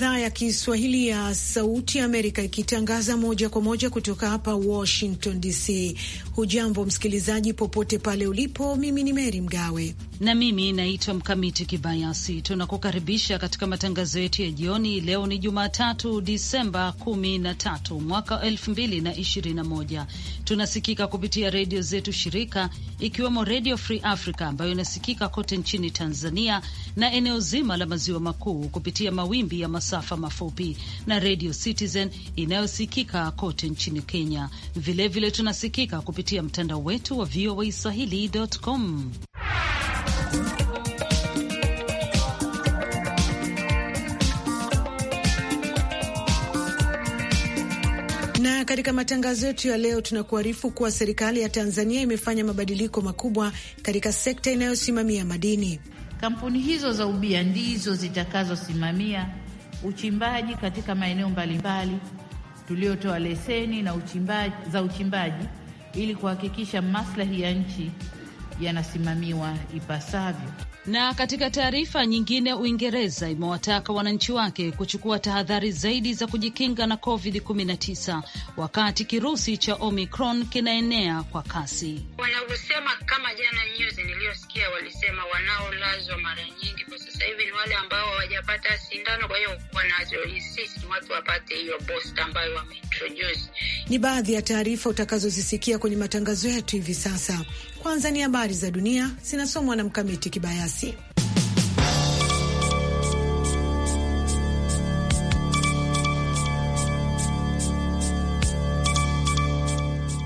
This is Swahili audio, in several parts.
idhaa ya Kiswahili ya Sauti ya Amerika ikitangaza moja kwa moja kutoka hapa Washington DC. Hujambo msikilizaji, popote pale ulipo. Mimi ni Meri Mgawe na mimi naitwa Mkamiti Kibayasi. Tunakukaribisha katika matangazo yetu ya jioni. Leo ni Jumatatu, Disemba 13 mwaka 2021. Tunasikika kupitia redio zetu shirika, ikiwemo Redio Free Africa ambayo inasikika kote nchini Tanzania na eneo zima la maziwa makuu kupitia mawimbi ya masafa mafupi na Redio Citizen inayosikika kote nchini Kenya. Vilevile vile tunasikika kupitia mtandao wetu wa VOA swahili.com. Na katika matangazo yetu ya leo tunakuarifu kuwa serikali ya Tanzania imefanya mabadiliko makubwa katika sekta inayosimamia madini. Kampuni hizo za ubia ndizo zitakazosimamia uchimbaji katika maeneo mbalimbali tuliotoa leseni na uchimbaji, za uchimbaji ili kuhakikisha maslahi ya nchi yanasimamiwa ipasavyo. Na katika taarifa nyingine, Uingereza imewataka wananchi wake kuchukua tahadhari zaidi za kujikinga na COVID-19 wakati kirusi cha Omicron kinaenea kwa kasi. Wanavyosema kama jana news niliyosikia, walisema wanaolazwa mara nyingi kwa sasa hivi ni wale ambao hawajapata sindano, kwa hiyo wanazoinsist watu wapate hiyo booster ambayo wameintroduce. Ni baadhi ya taarifa utakazozisikia kwenye matangazo yetu hivi sasa. Kwanza ni habari za dunia zinasomwa na Mkamiti Kibayasi.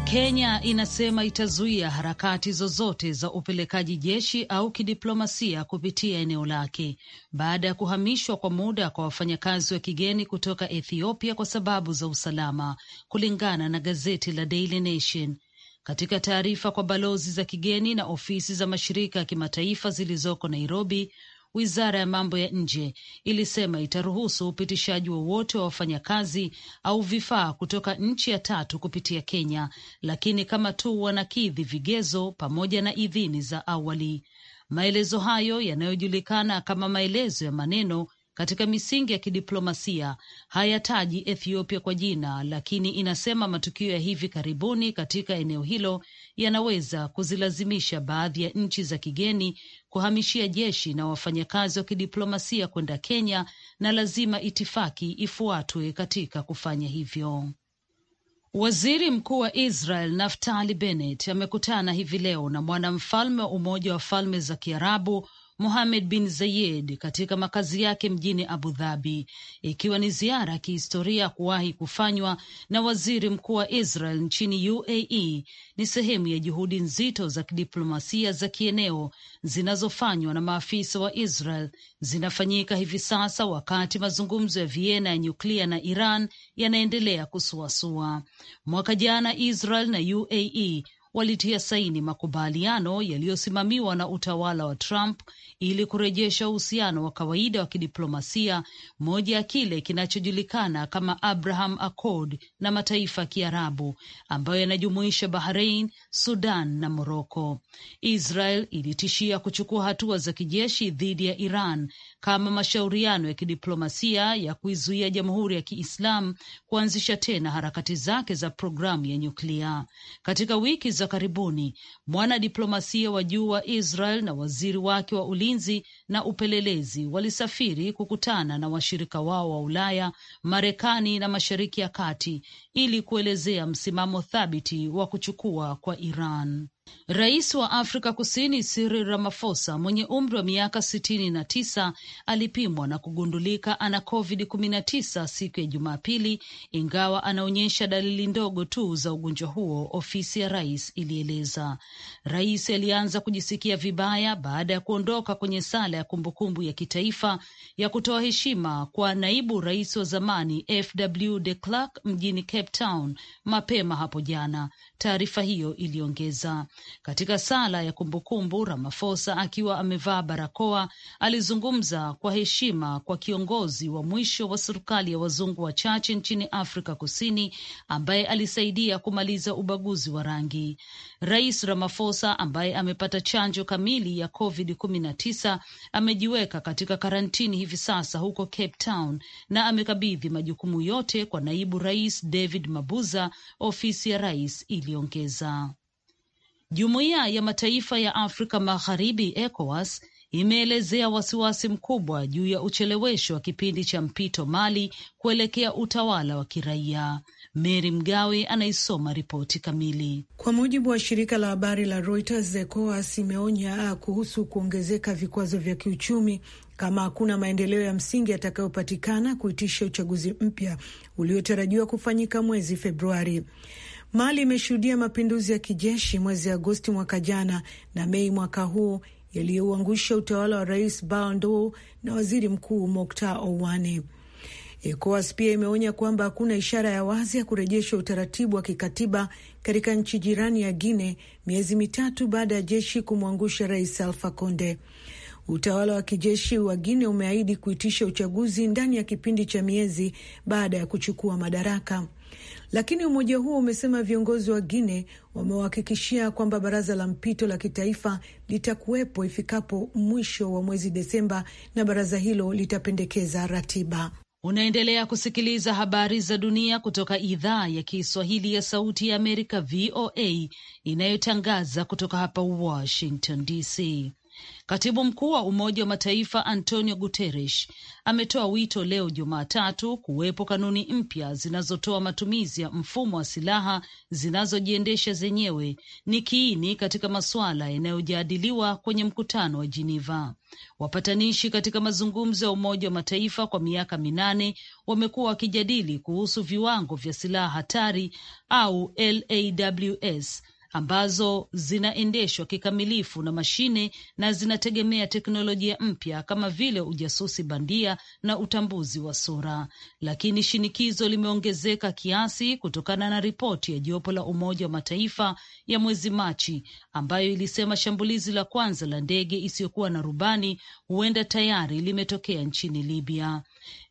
Kenya inasema itazuia harakati zozote za upelekaji jeshi au kidiplomasia kupitia eneo lake baada ya kuhamishwa kwa muda kwa wafanyakazi wa kigeni kutoka Ethiopia kwa sababu za usalama, kulingana na gazeti la Daily Nation. Katika taarifa kwa balozi za kigeni na ofisi za mashirika ya kimataifa zilizoko Nairobi, Wizara ya mambo ya nje ilisema itaruhusu upitishaji wowote wa, wafanyakazi au vifaa kutoka nchi ya tatu kupitia Kenya, lakini kama tu wanakidhi vigezo pamoja na idhini za awali. Maelezo hayo yanayojulikana kama maelezo ya maneno katika misingi ya kidiplomasia hayataji Ethiopia kwa jina, lakini inasema matukio ya hivi karibuni katika eneo hilo yanaweza kuzilazimisha baadhi ya nchi za kigeni kuhamishia jeshi na wafanyakazi wa kidiplomasia kwenda Kenya, na lazima itifaki ifuatwe katika kufanya hivyo. Waziri Mkuu wa Israel Naftali Bennett amekutana hivi leo na mwanamfalme wa Umoja wa Falme za Kiarabu Mohamed bin Zayed katika makazi yake mjini Abu Dhabi, ikiwa ni ziara ya kihistoria kuwahi kufanywa na waziri mkuu wa Israel nchini UAE. Ni sehemu ya juhudi nzito za kidiplomasia za kieneo zinazofanywa na maafisa wa Israel, zinafanyika hivi sasa wakati mazungumzo ya Vienna ya nyuklia na Iran yanaendelea kusuasua. Mwaka jana Israel na UAE walitia saini makubaliano yaliyosimamiwa na utawala wa Trump ili kurejesha uhusiano wa kawaida wa kidiplomasia, moja ya kile kinachojulikana kama Abraham Accord na mataifa ya Kiarabu ambayo yanajumuisha Bahrain, Sudan na Moroko. Israel ilitishia kuchukua hatua za kijeshi dhidi ya Iran kama mashauriano ya kidiplomasia ya kuizuia Jamhuri ya Kiislamu kuanzisha tena harakati zake za programu ya nyuklia. Katika wiki za karibuni, mwanadiplomasia wa juu wa Israel na waziri wake wa ulinzi na upelelezi walisafiri kukutana na washirika wao wa Ulaya, Marekani na Mashariki ya Kati ili kuelezea msimamo thabiti wa kuchukua kwa Iran. Rais wa Afrika Kusini Cyril Ramaphosa mwenye umri wa miaka sitini na tisa alipimwa na kugundulika ana Covid 19 siku ya Jumapili, ingawa anaonyesha dalili ndogo tu za ugonjwa huo, ofisi ya rais ilieleza. Rais alianza kujisikia vibaya baada ya kuondoka kwenye sala ya kumbukumbu ya kitaifa ya kutoa heshima kwa naibu rais wa zamani FW de Klerk mjini Cape Town mapema hapo jana, taarifa hiyo iliongeza. Katika sala ya kumbukumbu, ramafosa akiwa amevaa barakoa alizungumza kwa heshima kwa kiongozi wa mwisho wa serikali ya wazungu wachache nchini Afrika Kusini ambaye alisaidia kumaliza ubaguzi wa rangi. Rais ramafosa ambaye amepata chanjo kamili ya COVID-19 amejiweka katika karantini hivi sasa huko Cape Town na amekabidhi majukumu yote kwa naibu rais David Mabuza, ofisi ya rais iliongeza. Jumuiya ya Mataifa ya Afrika Magharibi ECOWAS imeelezea wasiwasi mkubwa juu ya uchelewesho wa kipindi cha mpito Mali kuelekea utawala wa kiraia. mery Mgawe anaisoma ripoti kamili. Kwa mujibu wa shirika la habari la Reuters, ECOWAS imeonya kuhusu kuongezeka vikwazo vya kiuchumi kama hakuna maendeleo ya msingi yatakayopatikana kuitisha uchaguzi mpya uliotarajiwa kufanyika mwezi Februari. Mali imeshuhudia mapinduzi ya kijeshi mwezi Agosti mwaka jana na Mei mwaka huu yaliyouangusha utawala wa rais Bando na waziri mkuu mokta Ouane. ECOWAS pia imeonya kwamba hakuna ishara ya wazi ya kurejeshwa utaratibu wa kikatiba katika nchi jirani ya Guine, miezi mitatu baada ya jeshi kumwangusha rais Alfa Conde. Utawala wa kijeshi wa Guine umeahidi kuitisha uchaguzi ndani ya kipindi cha miezi baada ya kuchukua madaraka lakini umoja huo umesema viongozi wa Guine wamewahakikishia kwamba baraza la mpito la kitaifa litakuwepo ifikapo mwisho wa mwezi Desemba na baraza hilo litapendekeza ratiba. Unaendelea kusikiliza habari za dunia kutoka idhaa ya Kiswahili ya Sauti ya Amerika, VOA, inayotangaza kutoka hapa Washington DC. Katibu mkuu wa Umoja wa Mataifa Antonio Guterres ametoa wito leo Jumatatu kuwepo kanuni mpya zinazotoa matumizi ya mfumo wa silaha zinazojiendesha zenyewe ni kiini katika masuala yanayojadiliwa kwenye mkutano wa Jiniva. Wapatanishi katika mazungumzo ya Umoja wa Mataifa kwa miaka minane wamekuwa wakijadili kuhusu viwango vya silaha hatari au LAWS ambazo zinaendeshwa kikamilifu na mashine na zinategemea teknolojia mpya kama vile ujasusi bandia na utambuzi wa sura, lakini shinikizo limeongezeka kiasi kutokana na ripoti ya jopo la Umoja wa Mataifa ya mwezi Machi ambayo ilisema shambulizi la kwanza la ndege isiyokuwa na rubani huenda tayari limetokea nchini Libya.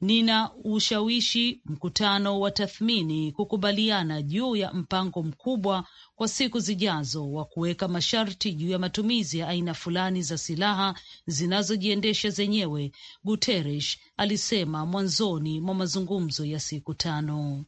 Nina ushawishi mkutano wa tathmini kukubaliana juu ya mpango mkubwa kwa siku zijazo wa kuweka masharti juu ya matumizi ya aina fulani za silaha zinazojiendesha zenyewe, Guterres alisema mwanzoni mwa mazungumzo ya siku tano.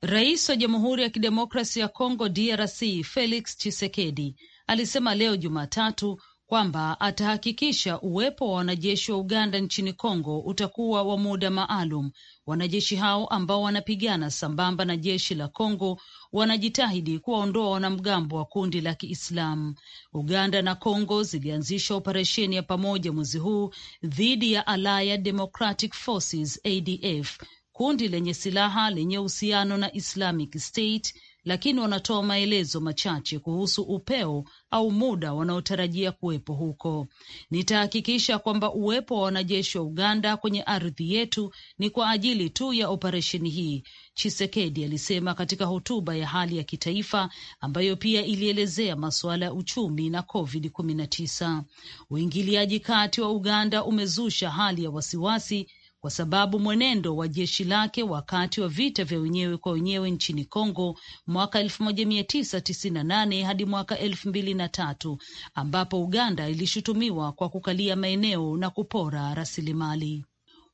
Rais wa Jamhuri ya Kidemokrasi ya Kongo DRC Felix chisekedi alisema leo Jumatatu kwamba atahakikisha uwepo wa wanajeshi wa Uganda nchini Kongo utakuwa wa muda maalum. Wanajeshi hao ambao wanapigana sambamba na jeshi la Kongo wanajitahidi kuwaondoa wanamgambo wa kundi la Kiislamu. Uganda na Kongo zilianzisha operesheni ya pamoja mwezi huu dhidi ya Allied Democratic Forces, ADF, kundi lenye silaha lenye uhusiano na Islamic State lakini wanatoa maelezo machache kuhusu upeo au muda wanaotarajia kuwepo huko. Nitahakikisha kwamba uwepo wa wanajeshi wa Uganda kwenye ardhi yetu ni kwa ajili tu ya operesheni hii, Chisekedi alisema katika hotuba ya hali ya kitaifa ambayo pia ilielezea masuala ya uchumi na COVID-19. Uingiliaji kati wa Uganda umezusha hali ya wasiwasi kwa sababu mwenendo wa jeshi lake wakati wa vita vya wenyewe kwa wenyewe nchini Kongo mwaka 1998 hadi mwaka 2003 ambapo Uganda ilishutumiwa kwa kukalia maeneo na kupora rasilimali.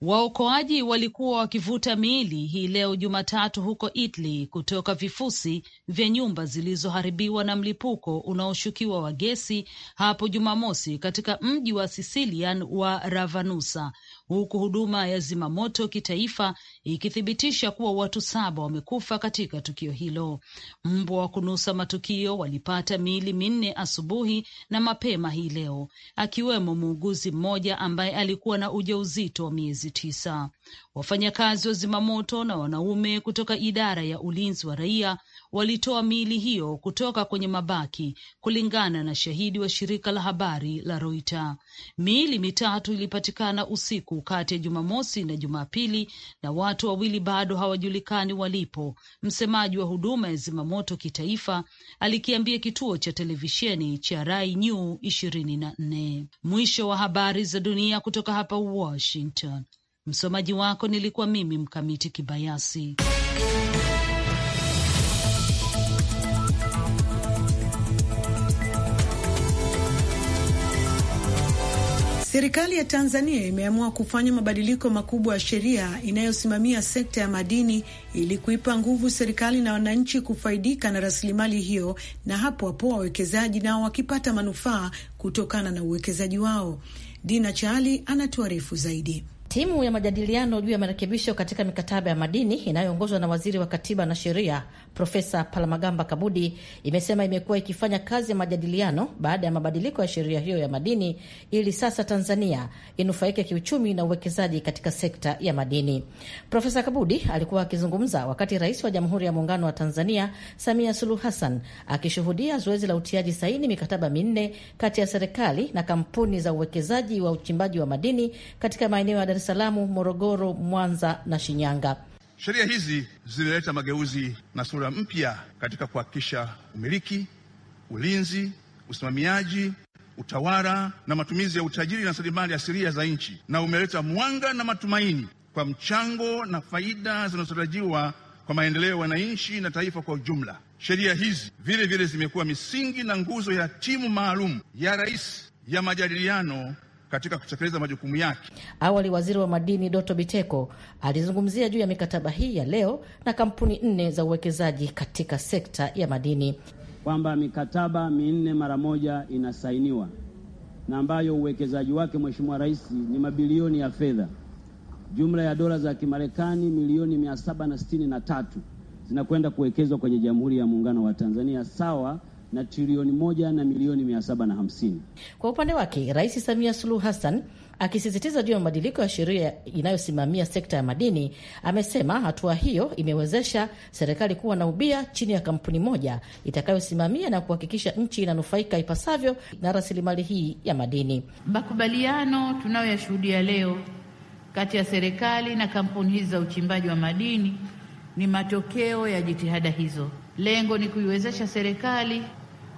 Waokoaji walikuwa wakivuta miili hii leo Jumatatu huko Italy kutoka vifusi vya nyumba zilizoharibiwa na mlipuko unaoshukiwa wa gesi hapo Jumamosi katika mji wa Sicilian wa Ravanusa, huku huduma ya zimamoto kitaifa ikithibitisha kuwa watu saba wamekufa katika tukio hilo. Mbwa wa kunusa matukio walipata miili minne asubuhi na mapema hii leo, akiwemo muuguzi mmoja ambaye alikuwa na ujauzito wa miezi tisa. Wafanyakazi wa zimamoto na wanaume kutoka idara ya ulinzi wa raia walitoa miili hiyo kutoka kwenye mabaki, kulingana na shahidi wa shirika la habari la Reuters. Miili mitatu ilipatikana usiku kati ya Jumamosi na Jumapili, na watu wawili bado hawajulikani walipo. Msemaji wa huduma ya zimamoto kitaifa alikiambia kituo cha televisheni cha Rai New 24. Mwisho wa habari za dunia kutoka hapa Washington. Msomaji wako nilikuwa mimi Mkamiti Kibayasi. Serikali ya Tanzania imeamua kufanya mabadiliko makubwa ya sheria inayosimamia sekta ya madini ili kuipa nguvu serikali na wananchi kufaidika na rasilimali hiyo, na hapo hapo wawekezaji nao wakipata manufaa kutokana na uwekezaji wao. Dina Chali anatuarifu zaidi. Timu ya majadiliano juu ya marekebisho katika mikataba ya madini inayoongozwa na waziri wa katiba na sheria Profesa Palamagamba Kabudi imesema imekuwa ikifanya kazi ya majadiliano baada ya mabadiliko ya sheria hiyo ya madini ili sasa Tanzania inufaike kiuchumi na uwekezaji katika sekta ya madini. Profesa Kabudi alikuwa akizungumza wakati Rais wa Jamhuri ya Muungano wa Tanzania Samia Suluhu Hassan akishuhudia zoezi la utiaji saini mikataba minne kati ya serikali na kampuni za uwekezaji wa uchimbaji wa madini katika maeneo ya Dar es Salaam, Morogoro, Mwanza na Shinyanga. Sheria hizi zilileta mageuzi na sura mpya katika kuhakikisha umiliki, ulinzi, usimamiaji, utawala na matumizi ya utajiri na rasilimali asilia za nchi, na umeleta mwanga na matumaini kwa mchango na faida zinazotarajiwa kwa maendeleo ya wananchi na taifa kwa ujumla. Sheria hizi vile vile zimekuwa misingi na nguzo ya timu maalum ya rais ya majadiliano katika kutekeleza majukumu yake. Awali waziri wa madini Doto Biteko alizungumzia juu ya mikataba hii ya leo na kampuni nne za uwekezaji katika sekta ya madini, kwamba mikataba minne mara moja inasainiwa na ambayo uwekezaji wake Mheshimiwa Rais ni mabilioni ya fedha, jumla ya dola za Kimarekani milioni mia saba na sitini na tatu zinakwenda kuwekezwa kwenye Jamhuri ya Muungano wa Tanzania sawa na trilioni moja na milioni mia saba na hamsini. Kwa upande wake Rais Samia Suluhu Hassan akisisitiza juu ya mabadiliko ya sheria inayosimamia sekta ya madini, amesema hatua hiyo imewezesha serikali kuwa na ubia chini ya kampuni moja itakayosimamia na kuhakikisha nchi inanufaika ipasavyo na rasilimali hii ya madini. Makubaliano tunayoyashuhudia leo kati ya serikali na kampuni hizi za uchimbaji wa madini ni matokeo ya jitihada hizo. Lengo ni kuiwezesha serikali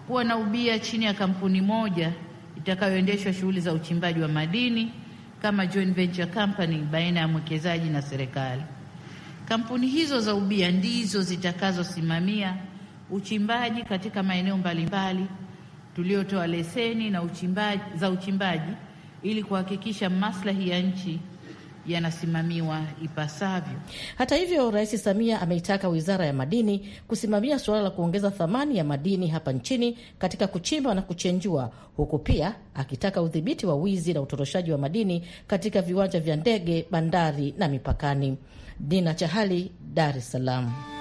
kuwa na ubia chini ya kampuni moja itakayoendeshwa shughuli za uchimbaji wa madini kama joint venture company baina ya mwekezaji na serikali. Kampuni hizo za ubia ndizo zitakazosimamia uchimbaji katika maeneo mbalimbali tuliotoa leseni na uchimbaji, za uchimbaji ili kuhakikisha maslahi ya nchi yanasimamiwa ipasavyo. Hata hivyo, Rais Samia ameitaka Wizara ya Madini kusimamia suala la kuongeza thamani ya madini hapa nchini katika kuchimba na kuchenjua, huku pia akitaka udhibiti wa wizi na utoroshaji wa madini katika viwanja vya ndege, bandari na mipakani. Dina Chahali, Dar es Salaam.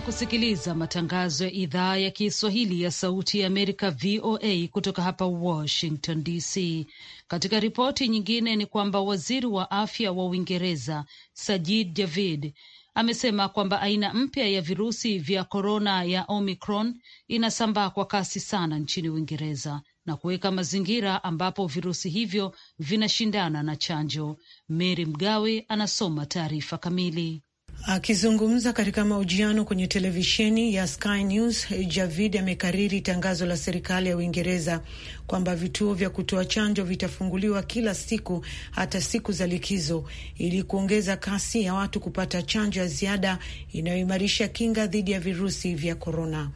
Unaendelea kusikiliza matangazo ya idhaa ya Kiswahili ya Sauti ya Amerika, VOA, kutoka hapa Washington DC. Katika ripoti nyingine ni kwamba waziri wa afya wa Uingereza Sajid Javid amesema kwamba aina mpya ya virusi vya korona ya Omicron inasambaa kwa kasi sana nchini Uingereza na kuweka mazingira ambapo virusi hivyo vinashindana na chanjo. Mary Mgawe anasoma taarifa kamili. Akizungumza katika mahojiano kwenye televisheni ya Sky News, Javid amekariri tangazo la serikali ya Uingereza kwamba vituo vya kutoa chanjo vitafunguliwa kila siku, hata siku za likizo, ili kuongeza kasi ya watu kupata chanjo ya ziada inayoimarisha kinga dhidi ya virusi vya korona.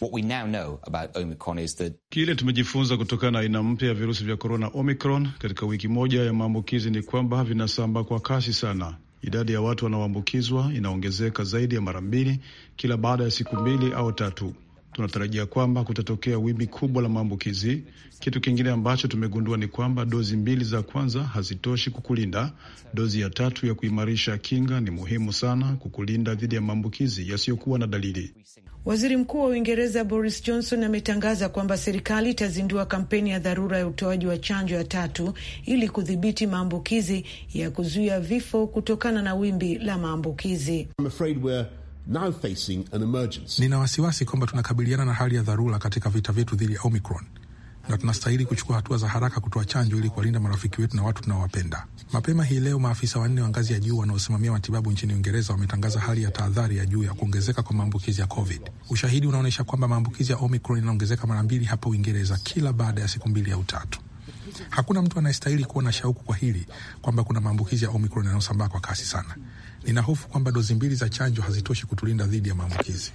What we now know about Omicron is that... kile tumejifunza kutokana na aina mpya ya virusi vya korona Omicron katika wiki moja ya maambukizi ni kwamba vinasambaa kwa kasi sana. Idadi ya watu wanaoambukizwa inaongezeka zaidi ya mara mbili kila baada ya siku mbili au tatu. Tunatarajia kwamba kutatokea wimbi kubwa la maambukizi. Kitu kingine ambacho tumegundua ni kwamba dozi mbili za kwanza hazitoshi kukulinda. Dozi ya tatu ya kuimarisha kinga ni muhimu sana kukulinda dhidi ya maambukizi yasiyokuwa na dalili. Waziri Mkuu wa Uingereza Boris Johnson ametangaza kwamba serikali itazindua kampeni ya dharura ya utoaji wa chanjo ya tatu ili kudhibiti maambukizi ya kuzuia vifo kutokana na wimbi la maambukizi. I'm afraid we're now facing an emergency. Nina wasiwasi kwamba tunakabiliana na hali ya dharura katika vita vyetu dhidi ya Omicron na tunastahili kuchukua hatua za haraka kutoa chanjo ili kuwalinda marafiki wetu na watu tunaowapenda. Mapema hii leo, maafisa wanne wa ngazi ya juu wanaosimamia matibabu nchini Uingereza wametangaza hali ya tahadhari ya juu ya kuongezeka kwa maambukizi ya COVID. Ushahidi unaonyesha kwamba maambukizi ya Omicron yanaongezeka mara mbili hapa Uingereza kila baada ya siku mbili au tatu. Hakuna mtu anayestahili kuwa na shauku kwa hili kwamba kuna maambukizi ya Omicron yanayosambaa kwa kasi sana. Nina hofu kwamba dozi mbili za chanjo hazitoshi kutulinda dhidi ya maambukizi.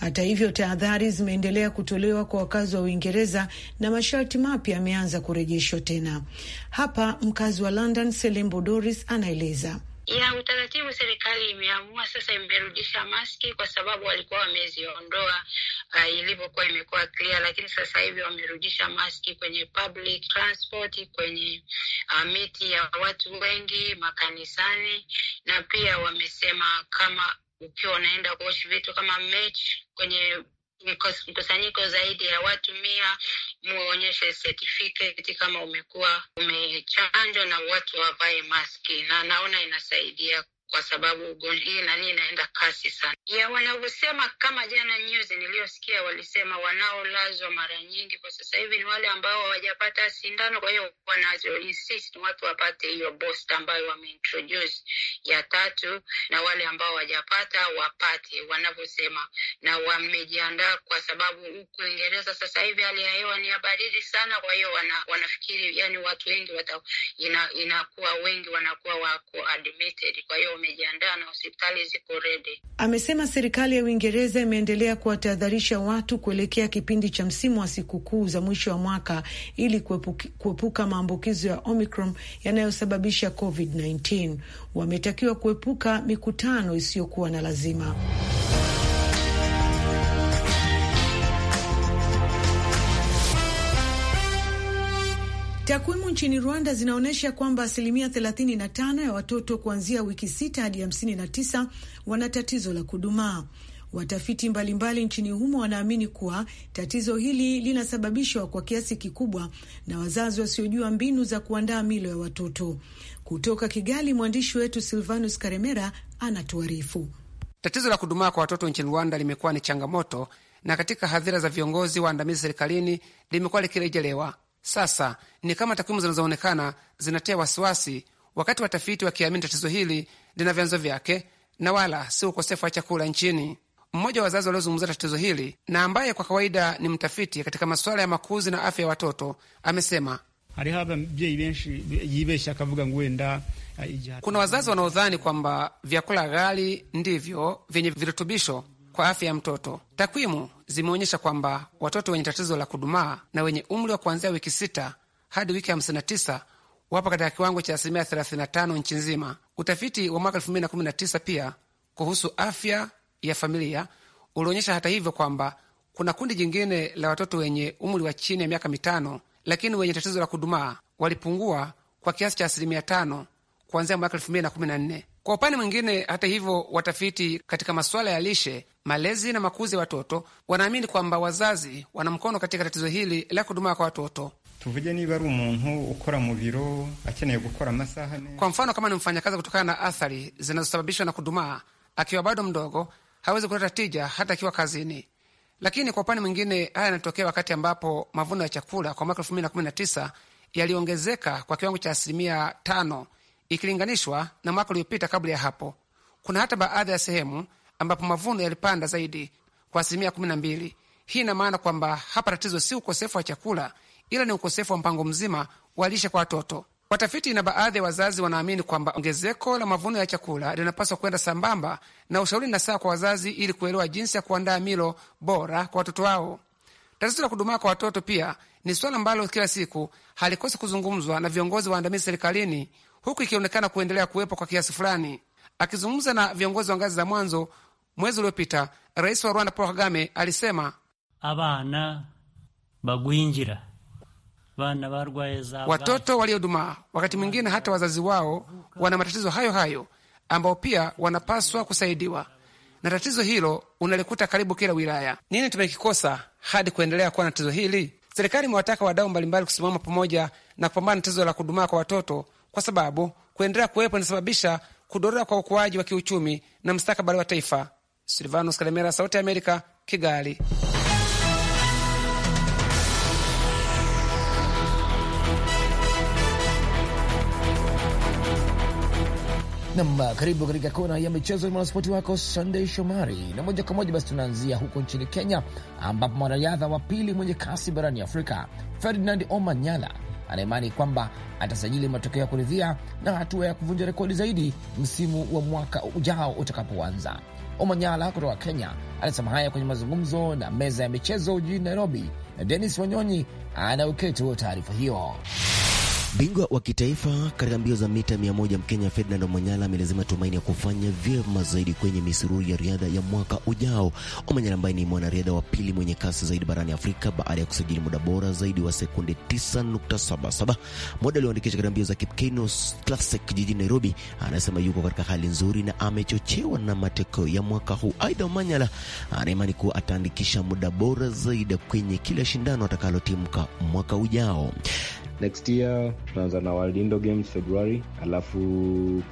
Hata hivyo, tahadhari zimeendelea kutolewa kwa wakazi wa Uingereza na masharti mapya yameanza kurejeshwa tena. Hapa mkazi wa London Selembo Doris anaeleza ya utaratibu, serikali imeamua sasa imerudisha maski kwa sababu walikuwa wameziondoa uh, ilivyokuwa imekuwa clear, lakini sasa hivi wamerudisha maski kwenye public transport, kwenye uh, miti ya watu wengi, makanisani na pia wamesema kama ukiwa unaenda kuoshi vitu kama mechi kwenye mkusanyiko zaidi ya watu mia, muonyeshe certificate kama umekuwa umechanjwa na watu wavae maski, na naona inasaidia kwa sababu hii nani inaenda kasi sana ya wanavyosema. Kama jana news niliyosikia walisema wanaolazwa mara nyingi kwa sasa hivi ni wale ambao hawajapata sindano, kwa hiyo wanazo insist watu wapate hiyo booster ambayo wameintroduce ya tatu, na wale ambao hawajapata wapate wanavyosema, na wamejiandaa kwa sababu huku Uingereza sasa hivi hali ya hewa ni ya baridi sana, kwa hiyo wana, wanafikiri yani watu wengi wata, inakuwa ina wengi wanakuwa wako admitted, kwa hiyo wamejiandaa na hospitali ziko redi. Amesema serikali ya Uingereza imeendelea kuwatahadharisha watu kuelekea kipindi cha msimu wa sikukuu za mwisho wa mwaka ili kuepuka maambukizo ya Omicron yanayosababisha COVID-19. Wametakiwa kuepuka mikutano isiyokuwa na lazima. Takwimu nchini Rwanda zinaonyesha kwamba asilimia 35 ya watoto kuanzia wiki 6 hadi 59 wana tatizo la kudumaa. Watafiti mbalimbali nchini humo wanaamini kuwa tatizo hili linasababishwa kwa kiasi kikubwa na wazazi wasiojua mbinu za kuandaa milo ya watoto. Kutoka Kigali, mwandishi wetu Silvanus Karemera anatuarifu. Tatizo la kudumaa kwa watoto nchini Rwanda limekuwa ni changamoto, na katika hadhira za viongozi waandamizi serikalini limekuwa likirejelewa. Sasa ni kama takwimu zinazoonekana zinatia wasiwasi, wakati watafiti wakiamini tatizo hili lina vyanzo vyake na wala si ukosefu wa chakula nchini. Mmoja wa wazazi waliozungumzia tatizo hili na ambaye kwa kawaida ni mtafiti katika masuala ya makuzi na afya ya watoto amesema uh, kuna wazazi wanaodhani kwamba vyakula ghali ndivyo vyenye virutubisho kwa afya ya mtoto. Takwimu zimeonyesha kwamba watoto wenye tatizo la kudumaa na wenye umri wa kuanzia wiki sita hadi wiki 59 wapo katika kiwango cha asilimia 35 nchi nzima. Utafiti wa mwaka 219 pia kuhusu afya ya familia ulionyesha hata hivyo kwamba kuna kundi jingine la watoto wenye umri wa chini ya miaka mitano lakini wenye tatizo la kudumaa walipungua kwa kiasi cha asilimia tano kuanzia mwaka 214 kwa upande mwingine, hata hivyo, watafiti katika masuala ya lishe, malezi na makuzi ya watoto wanaamini kwamba wazazi wana mkono katika tatizo hili la kudumaa kwa watoto. Kwa mfano, kama ni mfanyakazi, kutokana na athari zinazosababishwa na kudumaa akiwa bado mdogo, hawezi kuleta tija hata akiwa kazini. Lakini kwa upande mwingine, haya yanatokea wakati ambapo mavuno ya chakula kwa mwaka elfu mbili na kumi na tisa yaliongezeka kwa kiwango cha asilimia tano ikilinganishwa na mwaka uliopita kabla ya hapo. Kuna hata baadhi ya sehemu ambapo mavuno yalipanda zaidi kwa asilimia kumi na mbili. Hii ina maana kwamba hapa tatizo si ukosefu wa chakula, ila ni ukosefu wa mpango mzima wa lishe kwa watoto. Watafiti na baadhi ya wazazi wanaamini kwamba ongezeko la mavuno ya chakula linapaswa kwenda sambamba na ushauri na saa kwa wazazi ili kuelewa jinsi ya kuandaa milo bora kwa watoto wao. Tatizo la kudumaa kwa watoto pia ni suala ambalo kila siku halikosi kuzungumzwa na viongozi waandamizi serikalini huku ikionekana kuendelea kuwepo kwa kiasi fulani. Akizungumza na viongozi wa ngazi za mwanzo mwezi uliopita, rais wa Rwanda Paul Kagame alisema abana bagwinjira watoto waliodumaa wakati mwingine hata wazazi wao wana matatizo hayo hayo, ambao pia wanapaswa kusaidiwa, na tatizo hilo unalikuta karibu kila wilaya. Nini tumekikosa hadi kuendelea kuwa na tatizo hili? Serikali imewataka wadau mbalimbali kusimama pamoja na kupambana na tatizo la kudumaa kwa watoto kwa sababu kuendelea kuwepo inasababisha kudorora kwa ukuaji wa kiuchumi na mstakabali wa taifa. Silvanos Kalemera, Sauti ya Amerika, Kigali. Nam, karibu katika kona ya michezo. Ni mwanaspoti wako Sandey Shomari, na moja kwa moja basi tunaanzia huko nchini Kenya, ambapo mwanariadha wa pili mwenye kasi barani Afrika Ferdinand Omanyala anaimani kwamba atasajili matokeo ya kuridhia na hatua ya kuvunja rekodi zaidi msimu wa mwaka ujao utakapoanza. Omanyala kutoka Kenya anasema haya kwenye mazungumzo na meza ya michezo jijini Nairobi, na Denis Wanyonyi anauketi huo taarifa hiyo. Bingwa wa kitaifa katika mbio za mita 100 Mkenya Ferdinand Omanyala amelazima tumaini ya kufanya vyema zaidi kwenye misururi ya riadha ya mwaka ujao. Omanyala ambaye ni mwanariadha wa pili mwenye kasi zaidi barani Afrika baada ya kusajili muda bora zaidi wa sekunde 9.77, muda alioandikisha katika mbio za Kipkeino Classic jijini Nairobi, anasema yuko katika hali nzuri na amechochewa na matokeo ya mwaka huu. Aidha, Omanyala anaimani kuwa ataandikisha muda bora zaidi kwenye kila shindano atakalotimka mwaka ujao. Next year tunaanza na Walindo Games February, alafu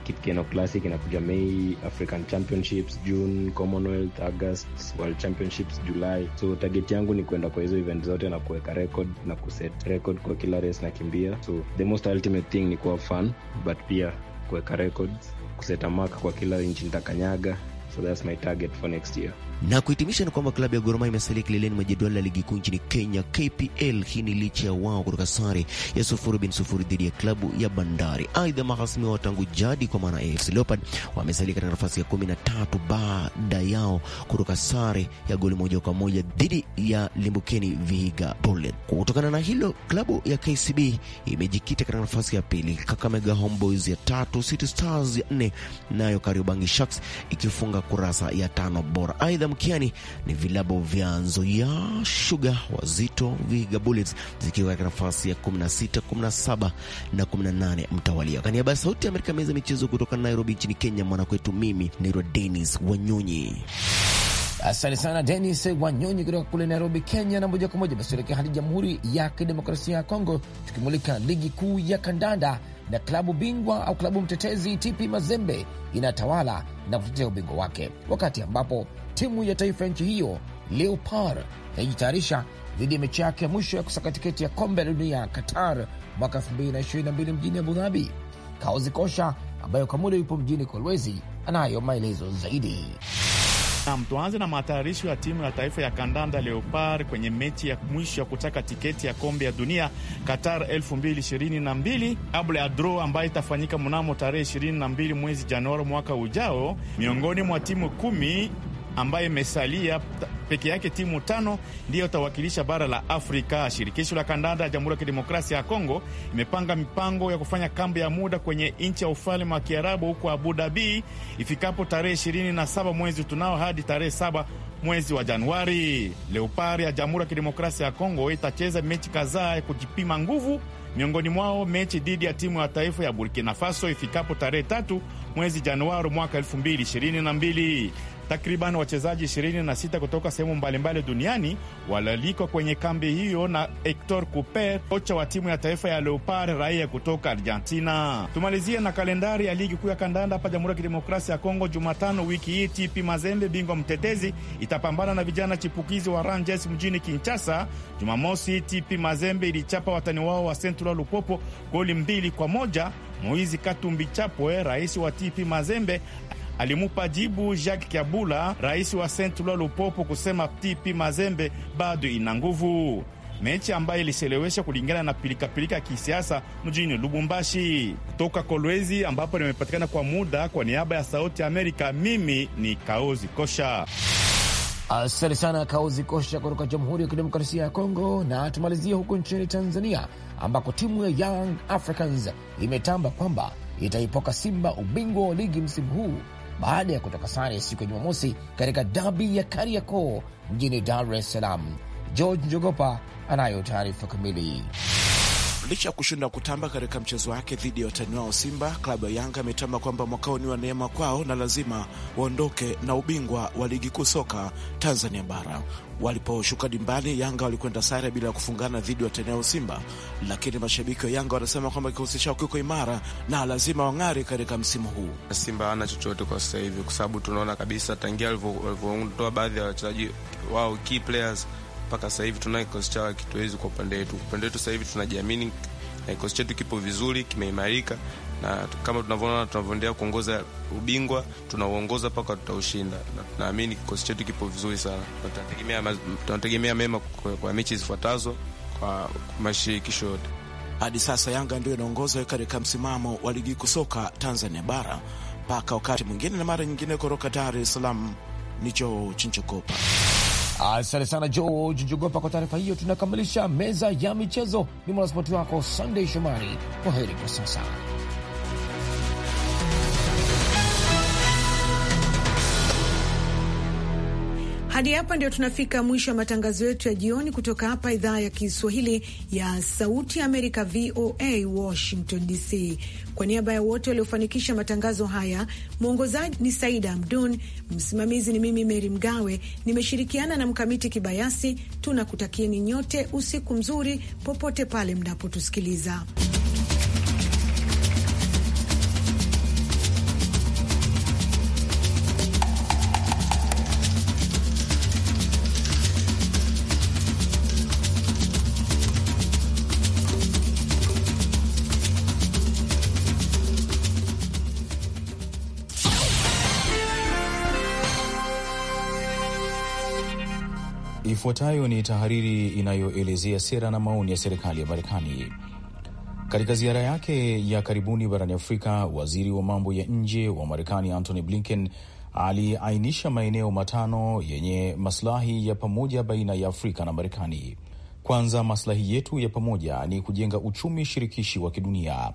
Kip Keno Classic inakuja may African Championships June, Commonwealth August, World Championships July. So target yangu ni kuenda kwa hizo event zote na kuweka record na kuset record kwa kila race kimbia So the most ultimate thing ni kuwa fun but pia kuweka records, kuseta mark kwa kila inchi nitakanyaga. So that's my target for next year. Na kuhitimisha ni kwamba klabu ya Gor Mahia imesalia kileleni mwa jedwali la ligi kuu nchini Kenya KPL. Hii ni licha ya wao kutoka sare ya sufuri bin sufuri dhidi ya klabu ya Bandari. Aidha, mahasimi wa tangu jadi kwa maana AFC Leopards wamesalia katika nafasi ya kumi na tatu baada yao kutoka sare ya goli moja kwa moja dhidi ya Limbukeni Vihiga Bullet. Kutokana na hilo, klabu ya KCB imejikita katika nafasi ya pili, Kakamega Homeboys ya tatu, City Stars ya nne, nayo Kariobangi Sharks ikifunga kurasa ya tano bora. Aidha mkiani ni vilabu vya Nzoia Sugar, Wazito, Vihiga Bullets zikiwa katika nafasi ya 16, 17 na 18 mtawalia. Kwa niaba ya Sauti ya Amerika, meza michezo kutoka Nairobi nchini Kenya, mwanakwetu mimi ni Dennis Wanyonyi. Asante sana Denis Wanyonyi kutoka kule Nairobi, Kenya. Na moja kwa moja basi tuelekea hadi Jamhuri ya Kidemokrasia ya Kongo, tukimulika ligi kuu ya kandanda na klabu bingwa au klabu mtetezi TP Mazembe inatawala na kutetea ubingwa wake, wakati ambapo timu ya taifa ya nchi hiyo leopar inajitayarisha dhidi ya mechi yake ya mwisho ya kusaka tiketi ya kombe la dunia Qatar mwaka 2022 mjini Abu Dhabi. Kaozi Kosha ambayo kwa muda yupo mjini Kolwezi anayo maelezo zaidi. Nam, tuanze na, na matayarisho ya timu ya taifa ya kandanda Leopard kwenye mechi ya mwisho ya kutaka tiketi ya kombe ya dunia Qatar 2022 kabla ya draw ambayo itafanyika mnamo tarehe 22 mwezi Januari mwaka ujao. Miongoni mwa timu kumi ambayo imesalia peke yake timu tano ndiyo itawakilisha bara la Afrika. Shirikisho la kandanda ya Jamhuri ya Kidemokrasia ya Kongo imepanga mipango ya kufanya kambi ya muda kwenye nchi ya ufalme wa Kiarabu huko Abu Dhabi ifikapo tarehe ishirini na saba mwezi tunao hadi tarehe saba mwezi wa Januari. Leopard ya Jamhuri ya Kidemokrasia ya Kongo itacheza mechi kadhaa ya kujipima nguvu, miongoni mwao mechi dhidi ya timu ya taifa ya Burkina Faso ifikapo tarehe tatu mwezi Januari mwaka 2022. Takriban wachezaji 26 kutoka sehemu mbalimbali duniani walialikwa kwenye kambi hiyo na Hector Cuper, kocha wa timu ya taifa ya Leopard, raia kutoka Argentina. Tumalizie na kalendari ya ligi kuu ya kandanda hapa Jamhuri ya Kidemokrasia ya Kongo. Jumatano wiki hii, TP Mazembe, bingwa mtetezi, itapambana na vijana chipukizi wa Rangers mjini Kinshasa. Jumamosi, TP Mazembe ilichapa watani wao wa Central Lupopo goli mbili kwa moja. Moizi Katumbi Chapwe, rais wa TP Mazembe alimupa jibu Jacques kabula rais wa Saint Eloi Lupopo, kusema TP Mazembe bado ina nguvu, mechi ambayo ilichelewesha kulingana na pilikapilika ya kisiasa mjini Lubumbashi. Toka Kolwezi ambapo nimepatikana kwa muda, kwa niaba ya Sauti ya Amerika, mimi ni Kaozi Kosha. Asante sana Kaozi Kosha kutoka Jamhuri ya Kidemokrasia ya Kongo. Na tumalizie huko nchini Tanzania, ambako timu ya Young Africans imetamba kwamba itaipoka Simba ubingwa wa ligi msimu huu baada ya kutoka sare siku ya Jumamosi katika dabi ya Kariakoo mjini Dar es Salaam. George Njogopa anayo taarifa kamili. Licha ya kushindwa kutamba katika mchezo wake dhidi ya watani wao Simba, klabu ya Yanga ametamba kwamba mwaka huu ni wa neema kwao na lazima waondoke na ubingwa wa ligi kuu soka Tanzania Bara. Waliposhuka dimbani, Yanga walikwenda sare bila ya kufungana dhidi ya watani Simba, lakini mashabiki wa Yanga wanasema kwamba kikosi chao kiko imara na lazima wang'are katika msimu huu. Simba hawana chochote kwa sasa hivi, kwa sababu tunaona kabisa tangia walivyoondoa baadhi ya wachezaji wao key players mpaka sasa hivi tunaye kikosi chao kituwezi kwa upande wetu. Upande wetu sasa hivi tunajiamini na eh, kikosi chetu kipo vizuri, kimeimarika na kama tunavyoona tunavyoendelea kuongoza ubingwa, tunauongoza mpaka tutaushinda, na tunaamini kikosi chetu kipo vizuri sana, na tunategemea mema kwa, kwa mechi zifuatazo kwa mashirikisho yote. Hadi sasa Yanga ndio inaongoza katika msimamo wa ligi kusoka Tanzania bara mpaka wakati mwingine na mara nyingine. Kutoka Dar es Salaam ni Chinchokopa. Asante sana George Jogopa kwa taarifa hiyo. Tunakamilisha meza ya michezo. Ni mwanaspoti wako Sunday Shomari. Kwa heri kwa sasa. Hadi hapa ndio tunafika mwisho wa matangazo yetu ya jioni kutoka hapa idhaa ya Kiswahili ya Sauti Amerika, VOA Washington DC. Kwa niaba ya wote waliofanikisha matangazo haya, mwongozaji ni Saida Amdun, msimamizi ni mimi Meri Mgawe, nimeshirikiana na Mkamiti Kibayasi. Tunakutakieni nyote usiku mzuri popote pale mnapotusikiliza. Ifuatayo ni tahariri inayoelezea sera na maoni ya serikali ya Marekani. Katika ziara yake ya karibuni barani Afrika, waziri wa mambo ya nje wa Marekani Antony Blinken aliainisha maeneo matano yenye maslahi ya pamoja baina ya Afrika na Marekani. Kwanza, maslahi yetu ya pamoja ni kujenga uchumi shirikishi wa kidunia.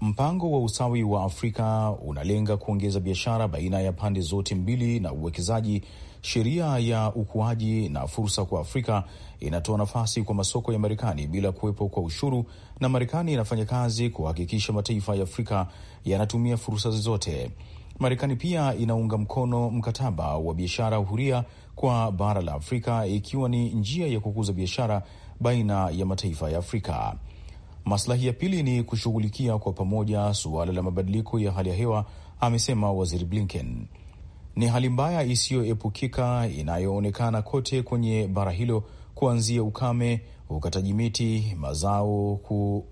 Mpango wa usawi wa Afrika unalenga kuongeza biashara baina ya pande zote mbili na uwekezaji Sheria ya ukuaji na fursa kwa Afrika inatoa nafasi kwa masoko ya Marekani bila kuwepo kwa ushuru, na Marekani inafanya kazi kuhakikisha mataifa ya Afrika yanatumia fursa zozote Marekani pia inaunga mkono mkataba wa biashara huria kwa bara la Afrika ikiwa ni njia ya kukuza biashara baina ya mataifa ya Afrika. Maslahi ya pili ni kushughulikia kwa pamoja suala la mabadiliko ya hali ya hewa, amesema Waziri Blinken. Ni hali mbaya isiyoepukika inayoonekana kote kwenye bara hilo, kuanzia ukame, ukataji miti, mazao, ku...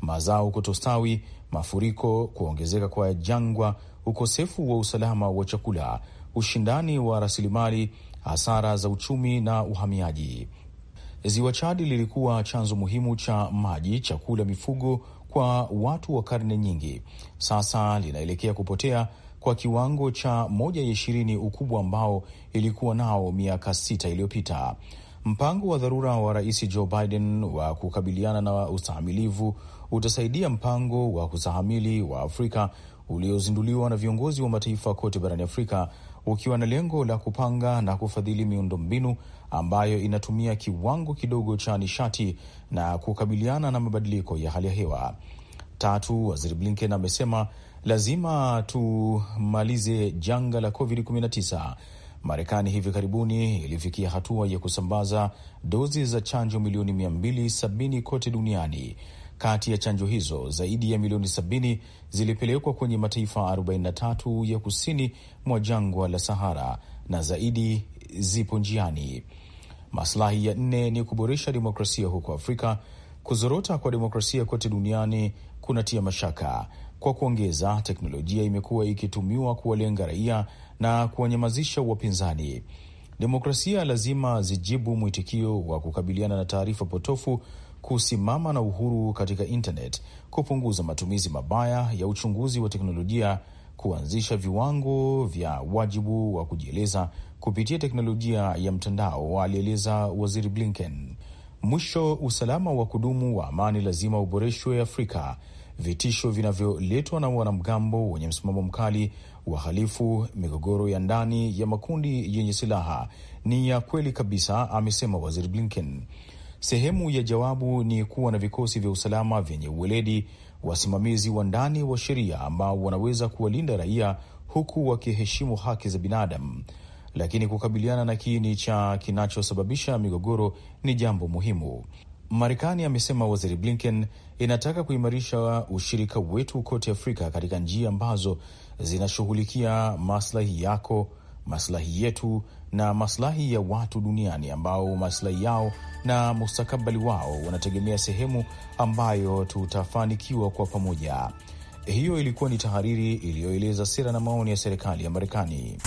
mazao kutostawi, mafuriko, kuongezeka kwa jangwa, ukosefu wa usalama wa chakula, ushindani wa rasilimali, hasara za uchumi na uhamiaji. Ziwa Chadi lilikuwa chanzo muhimu cha maji, chakula, mifugo kwa watu wa karne nyingi. Sasa linaelekea kupotea kwa kiwango cha moja ya ishirini ukubwa ambao ilikuwa nao miaka sita iliyopita. Mpango wa dharura wa Rais Joe Biden wa kukabiliana na ustahamilivu utasaidia mpango wa kustahamili wa Afrika uliozinduliwa na viongozi wa mataifa kote barani Afrika ukiwa na lengo la kupanga na kufadhili miundombinu ambayo inatumia kiwango kidogo cha nishati na kukabiliana na mabadiliko ya hali ya hewa. Tatu, Waziri Blinken amesema lazima tumalize janga la COVID-19. Marekani hivi karibuni ilifikia hatua ya kusambaza dozi za chanjo milioni 270 kote duniani. Kati ya chanjo hizo zaidi ya milioni 70 zilipelekwa kwenye mataifa 43 ya kusini mwa jangwa la Sahara na zaidi zipo njiani. Maslahi ya nne ni kuboresha demokrasia huko Afrika. Kuzorota kwa demokrasia kote duniani kunatia mashaka. Kwa kuongeza, teknolojia imekuwa ikitumiwa kuwalenga raia na kuwanyamazisha wapinzani. Demokrasia lazima zijibu mwitikio wa kukabiliana na taarifa potofu, kusimama na uhuru katika intanet, kupunguza matumizi mabaya ya uchunguzi wa teknolojia, kuanzisha viwango vya wajibu wa kujieleza kupitia teknolojia ya mtandao, alieleza Waziri Blinken. Mwisho, usalama wa kudumu wa amani lazima uboreshwe Afrika vitisho vinavyoletwa na wanamgambo wenye msimamo mkali, wahalifu, migogoro ya ndani ya makundi yenye silaha ni ya kweli kabisa, amesema Waziri Blinken. Sehemu ya jawabu ni kuwa na vikosi vya usalama vyenye uweledi, wasimamizi wa ndani wa sheria ambao wanaweza kuwalinda raia huku wakiheshimu haki za binadamu. Lakini kukabiliana na kiini cha kinachosababisha migogoro ni jambo muhimu. Marekani, amesema Waziri Blinken, inataka kuimarisha ushirika wetu kote Afrika katika njia ambazo zinashughulikia maslahi yako, maslahi yetu na maslahi ya watu duniani ambao maslahi yao na mustakabali wao wanategemea sehemu ambayo tutafanikiwa kwa pamoja. Hiyo ilikuwa ni tahariri iliyoeleza sera na maoni ya serikali ya Marekani.